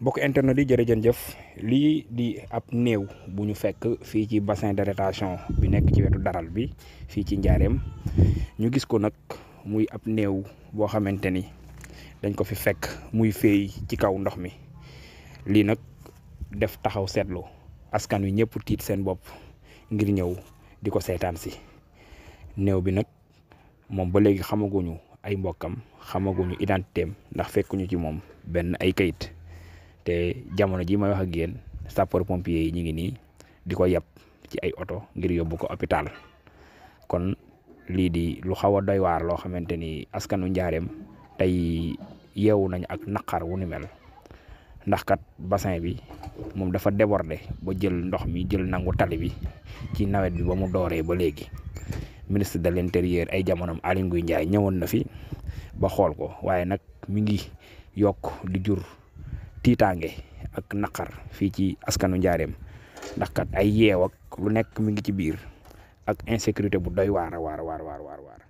mbokk internet di yi jën jëf lii di ab néew bu ñu fekk fii ci bassin de rétention bi nekk ci wetu daral bi fii ci njaareem ñu gis ko nag muy ab néew boo xamante ni dañ ko fi fekk muy féey ci kaw ndox mi lii nag def taxaw seetlu askan wi ñëpp tiit seen bopp ngir ñëw di ko seetaan si néew bi nag moom ba léegi xamaguñu ay mbokkam xamaguñu identitéem ndax fekkuñu ci moom benn ay kayit te jamono ji may wax ak yeen sapeur pompier yi ñi ngi di ko ci ay auto ngir yobbu ko hôpital kon li di lu xawa doy war lo xamanteni askanu ndiarem tay yewu nañ ak nakar wu ni mel ndax kat bassin bi mom dafa déborder ba jël ndox mi jël nangu tali bi ci nawet bi ba mu doré ba légui ministre de l'intérieur ay jamonoom Aly ndiay ñewon na fi ba xol ko waye nak mi ngi yok di jur tiitaange ak naqar fii ci askanu njaareem ndax kat ay yeew lu nekk mi ngi ci biir ak insécurité bu doy waar a waar waar waar waar